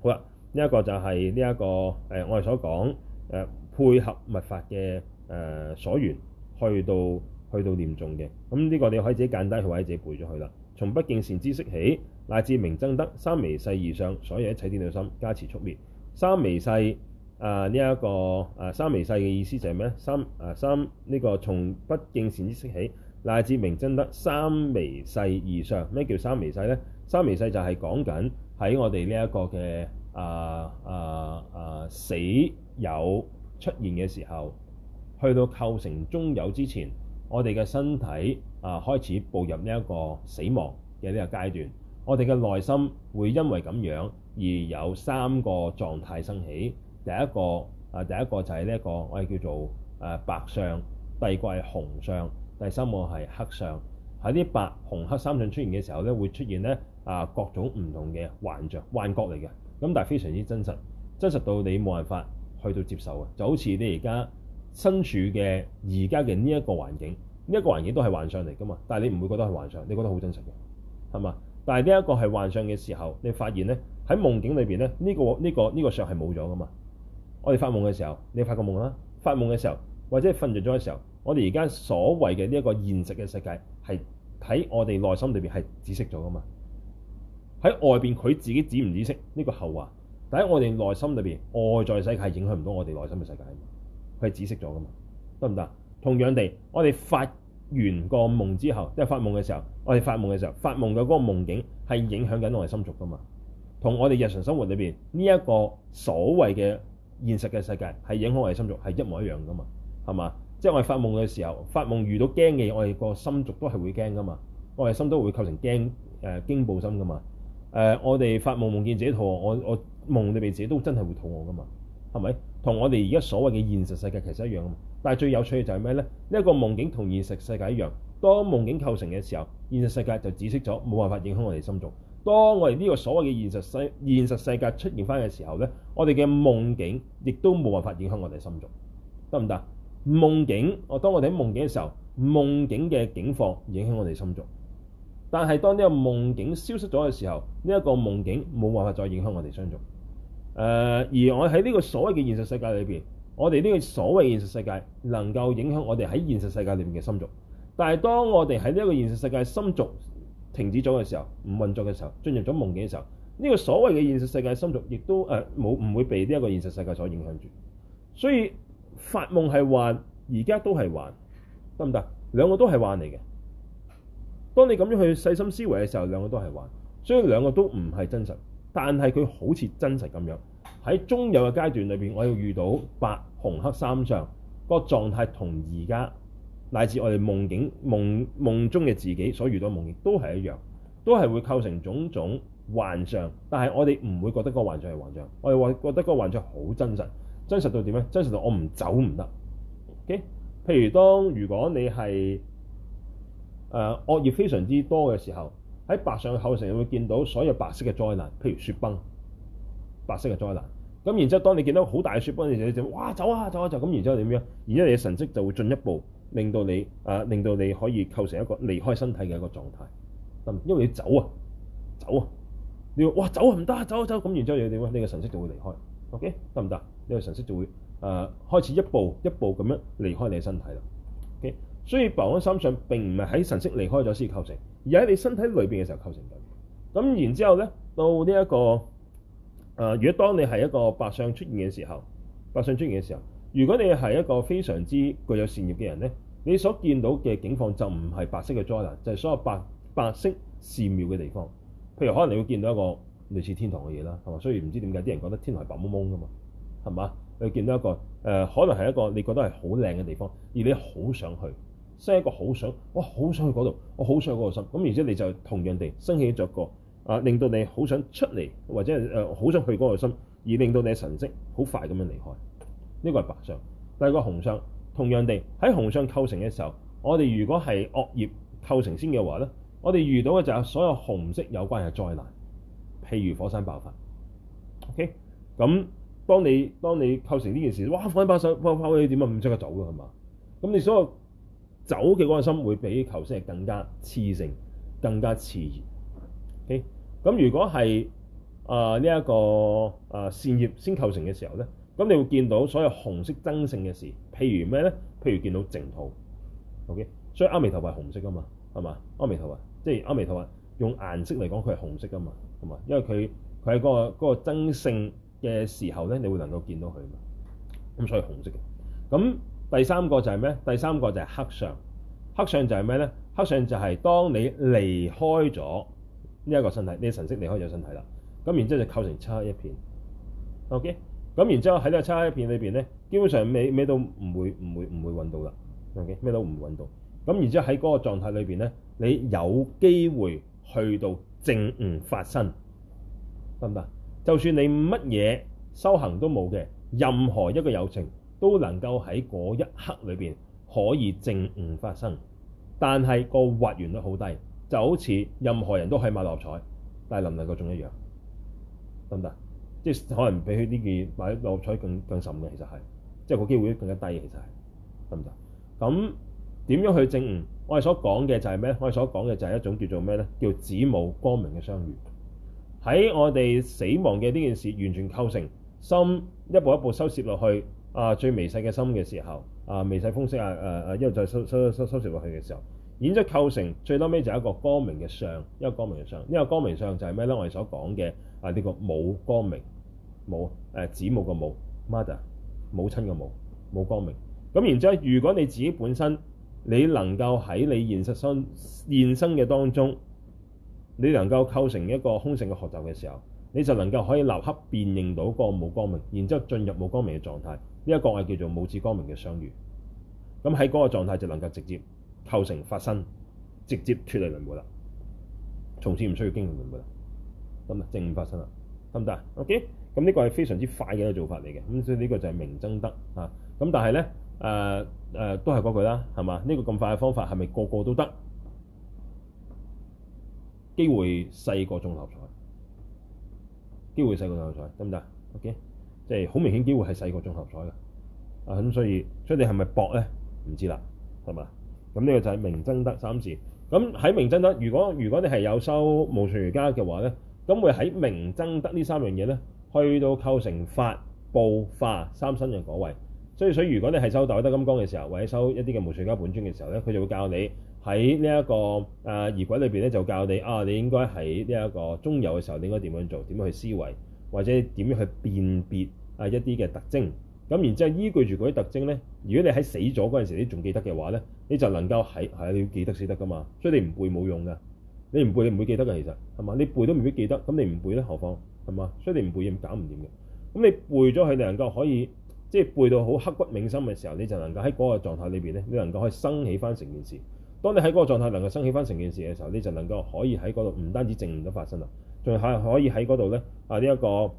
好啦、啊，呢、這、一個就係呢一個誒、呃，我哋所講、呃、配合密法嘅、呃、所緣去到。去到念重嘅咁呢個，你可以自己簡低，去或者自己背咗佢啦。從不敬善知識起，乃至明增得三微細二相，所有一切顛倒心加持速滅三微細、呃這個、啊！呢一個啊三微細嘅意思就係咩？三啊三呢、這個從不敬善知識起，乃至明增得三微細二相咩叫三微細咧？三微細就係講緊喺我哋呢一個嘅啊啊啊死有出現嘅時候，去到構成中有之前。我哋嘅身體啊開始步入呢一個死亡嘅呢個階段，我哋嘅內心會因為咁樣而有三個狀態升起。第一個啊，第一個就係呢一個我哋叫做誒白相，第二個係紅相，第三個係黑相。喺啲白、紅、黑三相出現嘅時候咧，會出現咧啊各種唔同嘅幻象、幻覺嚟嘅。咁但係非常之真實，真實到你冇辦法去到接受嘅，就好似你而家。身處嘅而家嘅呢一個環境，呢一個環境都係幻想嚟噶嘛？但係你唔會覺得係幻想，你覺得好真實嘅，係嘛？但係呢一個係幻想嘅時候，你發現咧喺夢境裏邊咧，呢個呢個呢個相係冇咗噶嘛？我哋發夢嘅時候，你發過夢啦，發夢嘅時候，或者瞓着咗嘅時候，我哋而家所謂嘅呢一個現實嘅世界係喺我哋內心裏邊係紫色咗噶嘛？喺外邊佢自己紫唔紫色呢個後話，但喺我哋內心裏邊外在世界係影響唔到我哋內心嘅世界。佢係紫色咗噶嘛？得唔得？同樣地，我哋發完個夢之後，即係發夢嘅時候，我哋發夢嘅時候，發夢嘅嗰個夢境係影響緊我哋心續噶嘛？同我哋日常生活裏邊呢一個所謂嘅現實嘅世界係影響我哋心續係一模一樣噶嘛？係嘛？即係我哋發夢嘅時候，發夢遇到驚嘅嘢，我哋個心續都係會驚噶嘛？我哋心都會構成、呃、驚誒驚怖心噶嘛？誒、呃，我哋發夢夢見自己肚餓，我我夢裏面自己都真係會肚餓噶嘛？係咪？同我哋而家所謂嘅現實世界其實一樣啊，但係最有趣嘅就係咩呢？呢一個夢境同現實世界一樣。當夢境構成嘅時候，現實世界就止息咗，冇辦法影響我哋心臟。當我哋呢個所謂嘅現實世，現實世界出現翻嘅時候呢，我哋嘅夢境亦都冇辦法影響我哋心臟，得唔得？夢境，我當我哋喺夢境嘅時候，夢境嘅景況影響我哋心臟。但係當呢個夢境消失咗嘅時候，呢一個夢境冇辦法再影響我哋心臟。誒，而我喺呢個所謂嘅現實世界裏邊，我哋呢個所謂現實世界能夠影響我哋喺現實世界裏面嘅心族。但係當我哋喺呢個現實世界心族停止咗嘅時候，唔運作嘅時候，進入咗夢境嘅時候，呢、呢個所謂嘅現實世界心族亦都誒冇唔會被呢一個現實世界所影響住。所以發夢係幻，而家都係幻，得唔得？兩個都係幻嚟嘅。當你咁樣去細心思維嘅時候，兩個都係幻，所以兩個都唔係真實，但係佢好似真實咁樣。喺中有嘅階段裏邊，我要遇到白紅黑三相嗰、那個狀態跟現在，同而家乃至我哋夢境夢夢中嘅自己所遇到嘅夢境都係一樣，都係會構成種種幻象。但係我哋唔會覺得嗰個幻象係幻象，我哋會覺得嗰個幻象好真實，真實到點咧？真實到我唔走唔得。OK，譬如當如果你係誒、呃、惡業非常之多嘅時候，喺白上嘅後層會見到所有白色嘅災難，譬如雪崩。白色嘅災難，咁然之後，當你見到好大嘅雪崩，幫你就就哇走啊走啊走咁、啊，然之後點樣？然之後你嘅神識就會進一步令到你啊，令到你可以構成一個離開身體嘅一個狀態，得唔？因為你走啊，走啊，你話哇走啊唔得，走啊走咁、啊啊，然之後你點樣？啊？你嘅神識就會離開，OK 得唔得？你嘅神識就會啊開始一步一步咁樣離開你嘅身體啦。OK，所以白安心上並唔係喺神識離開咗先構成，而喺你身體裏邊嘅時候構成緊。咁然之後咧，到呢一個。啊！如果當你係一個白相出現嘅時候，白相出現嘅時候，如果你係一個非常之具有善業嘅人呢，你所見到嘅境況就唔係白色嘅災難，就係、是、所有白白色善妙嘅地方。譬如可能你會見到一個類似天堂嘅嘢啦，係嘛？所以唔知點解啲人覺得天堂係白蒙蒙㗎嘛，係嘛？你會見到一個誒、呃，可能係一個你覺得係好靚嘅地方，而你好想去，生一個好想，哇！好想去嗰度，我好想去嗰個心。咁然之後你就同樣地升起著一個。啊，令到你好想出嚟，或者係好想去嗰個心，而令到你嘅神識好快咁樣離開。呢、這個係白相，但係個紅相同樣地喺紅相構成嘅時候，我哋如果係惡業構成先嘅話咧，我哋遇到嘅就係所有紅色有關嘅災難，譬如火山爆發。OK，咁、嗯、當你當你構成呢件事，哇！放一把手，放拋去點啊，唔即刻走嘅係嘛？咁你所有走嘅嗰個心會比求生係更加痴性，更加熾熱。咁、okay? 如果係啊呢一個啊線、呃、業先構成嘅時候咧，咁你會見到所有紅色增盛嘅事，譬如咩咧？譬如見到淨土，OK，所以阿彌陀佛係紅色噶嘛，係嘛？阿彌陀佛，即係阿彌陀佛，用顏色嚟講，佢係紅色噶嘛，係嘛？因為佢佢喺嗰個增盛嘅時候咧，你會能夠見到佢嘛。咁所以紅色嘅。咁第三個就係咩？第三個就係黑相。黑相就係咩咧？黑相就係當你離開咗。呢一個身體，你嘅神識離開咗身體啦，咁然之後就構成漆黑一片。OK，咁然之後喺呢個漆黑一片裏邊咧，基本上咩咩都唔會唔會唔會揾到啦。OK，咩都唔會揾到。咁然之後喺嗰個狀態裏邊咧，你有機會去到證悟發生得唔得？就算你乜嘢修行都冇嘅，任何一個有情都能夠喺嗰一刻裏邊可以證悟發生，但係個或然率好低。就好似任何人都係買六合彩，但係唔能夠中一樣，得唔得？即係可能比起呢件買六合彩更更甚嘅，其實係，即係個機會更加低，其實係，得唔得？咁點樣去證悟？我哋所講嘅就係咩？我哋所講嘅就係一種叫做咩咧？叫子母光明嘅相遇。喺我哋死亡嘅呢件事完全構成心一步一步收攝落去啊，最微細嘅心嘅時候啊，微細風息、uh, 啊誒誒，一、啊、路再收收收收攝落去嘅時候。然之後構成最撚尾就係一個光明嘅相，一個光明嘅相，一個光明相就係咩咧？我哋所講嘅啊，呢個母光明，母、呃、子母嘅母，mother 母親嘅母，母光明。咁然之後，如果你自己本身你能夠喺你現實生現生嘅當中，你能夠構成一個空性嘅學習嘅時候，你就能夠可以立刻辨認到個母光明，然之後進入母光明嘅狀態。呢一個係叫做母子光明嘅相遇。咁喺嗰個狀態就能夠直接，構成發生，直接脫離輪迴啦，從此唔需要經歷輪迴啦。咁啊，正發生啦，得唔得？OK，咁呢個係非常之快嘅一個做法嚟嘅。咁所以呢個就係明增得。啊。咁但係咧，誒、呃、誒、呃、都係嗰句啦，係嘛？呢、呢個咁快嘅方法係咪個個都得？機會細過中合彩，機會細過中合彩，得唔得？OK，即係好明顯機會係細過中合彩㗎。啊咁，所以所以你係咪搏咧？唔知啦，係咪咁呢個就係明增得三字。咁喺明增得，如果如果你係有修無上瑜伽嘅話咧，咁會喺明增得呢三樣嘢咧，去到構成法、報、化、三身嘅果位。所以，所以如果你係修大德金剛嘅時候，或者修一啲嘅無上瑜伽本尊嘅時候咧，佢就會教你喺呢一個誒儀軌裏面，咧，就會教你啊，你應該喺呢一個中有嘅時候，你應該點樣做，點樣去思維，或者點樣去辨別啊一啲嘅特徵。咁然之後依據住嗰啲特徵咧，如果你喺死咗嗰陣時，你仲記得嘅話咧。你就能夠喺係你要記得先得噶嘛。所以你唔背冇用嘅。你唔背你唔會記得嘅，其實係嘛？你背都唔會記得，咁你唔背咧何況係嘛？所以你唔背嘢搞唔掂嘅。咁你背咗佢，你能夠可以即係背到好刻骨銘心嘅時候，你就能夠喺嗰個狀態裏邊咧，你能夠可以生起翻成件事。當你喺嗰個狀態能夠生起翻成件事嘅時候，你就能夠可以喺嗰度唔單止正悟到發生啦，仲係可以喺嗰度咧啊呢一、這個誒、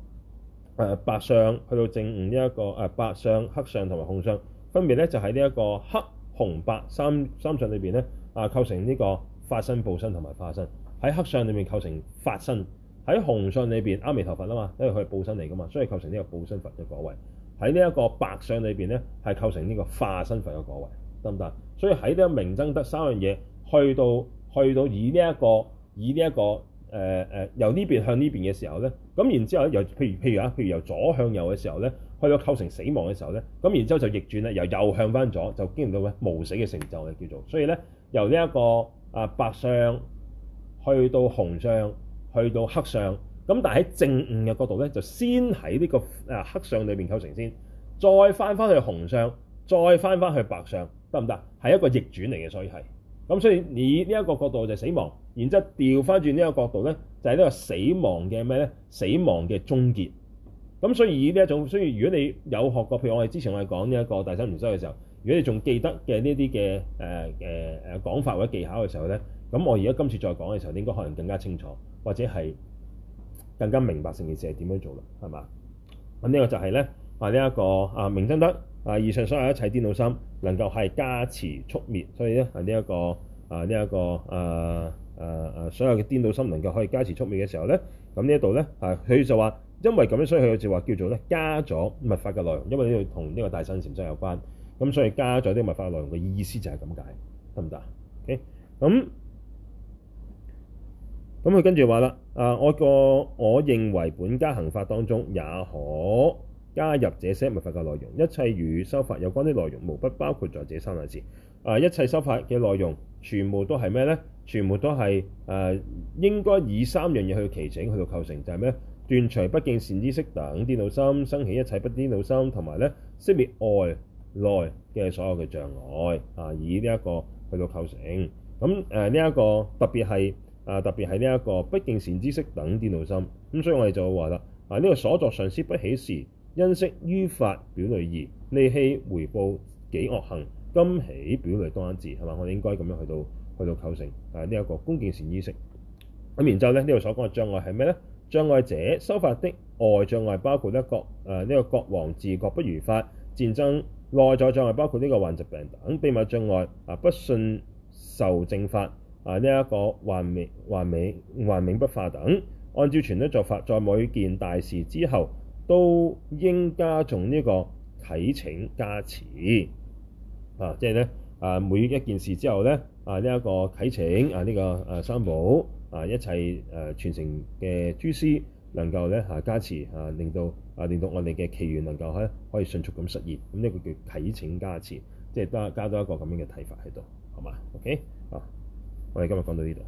呃、白相去到正悟呢、這、一個誒、呃、白相黑相同埋紅相分別咧就係呢一個黑。紅白三三相裏邊咧，啊構成呢個法身、報身同埋化身。喺黑相裏面構成法身；喺紅相裏邊阿彌陀佛啊嘛，因為佢係報身嚟㗎嘛，所以構成呢個報身佛嘅果位。喺呢一個白相裏邊咧，係構成呢個化身佛嘅果位，得唔得？所以喺呢個明增得三樣嘢，去到去到以呢、這、一個以呢、這、一個誒誒、呃呃、由呢邊向呢邊嘅時候咧，咁然之後咧又譬如譬如，譬如啊，譬如由左向右嘅時候咧。去到構成死亡嘅時候咧，咁然之後就逆轉咧，由右向翻咗，就經歷到咩無死嘅成就嘅叫做。所以咧，由呢一個啊白相去到紅相，去到黑相，咁但係喺正悟嘅角度咧，就先喺呢個啊黑相裏面構成先，再翻翻去紅相，再翻翻去白相，得唔得？係一個逆轉嚟嘅，所以係。咁所以你呢一個角度就係死亡，然之後調翻轉呢一個角度咧，就係、是、呢個死亡嘅咩咧？死亡嘅終結。咁所以以呢一種，所以如果你有學過，譬如我哋之前我哋講呢一個大生圓修嘅時候，如果你仲記得嘅呢啲嘅誒誒誒講法或者技巧嘅時候咧，咁我而家今次再講嘅時候，你應該可能更加清楚，或者係更加明白成件事係點樣做啦，係嘛？咁呢個就係咧啊呢一個啊明增得啊，以上所有一切顛倒心能夠係加持速滅，所以咧啊呢一個啊呢一個啊啊啊所有嘅顛倒心能夠可以加持速滅嘅時候咧，咁呢一度咧啊佢就話。因為咁樣，所以佢就話叫做咧加咗密法嘅內容。因為呢度同呢個大生潛真有關，咁所以加咗啲密法嘅內容嘅意思就係咁解，得唔得？OK，咁咁佢跟住話啦啊，我個我認為本加行法當中也可加入這些密法嘅內容，一切與修法有關的內容，無不包括在這三大事啊、呃。一切修法嘅內容全部都係咩呢？全部都係誒、呃，應該以三樣嘢去奇整去到構成，就係、是、咩斷除不敬善知識等顛倒心，生起一切不顛倒心，同埋咧，熄滅外內嘅所有嘅障礙，啊，以呢一個去到構成。咁、嗯、誒，呢、呃、一、這個特別係啊、呃，特別係呢一個不敬善知識等顛倒心。咁、嗯、所以我哋就話啦，啊呢、這個所作善事不起事，因識於法表類二，利氣回報幾惡行，今起表類多生智，係嘛？我哋應該咁樣去到去到構成啊呢一、這個恭敬善知識。咁、嗯、然之後咧，呢度所講嘅障礙係咩咧？障礙者，修法的外障礙，包括一個誒呢個國王治國不如法、戰爭；內在障礙包括呢個患疾病等，秘密障礙啊，不信受正法啊呢一、這個頑固頑固頑固不化等。按照傳統做法，在每件大事之後都應加誦呢個啟請加持。啊，即係咧啊每一件事之後咧啊呢一、這個啟請啊呢、這個誒、啊、三寶。啊！一切誒、呃、傳承嘅祖師能夠咧嚇、啊、加持嚇、啊，令到啊令到我哋嘅祈願能夠喺可，可以迅速咁實現。咁呢個叫啟請加持，即係加加多一個咁樣嘅睇法喺度，好嘛？OK 啊！我哋今日講到呢度。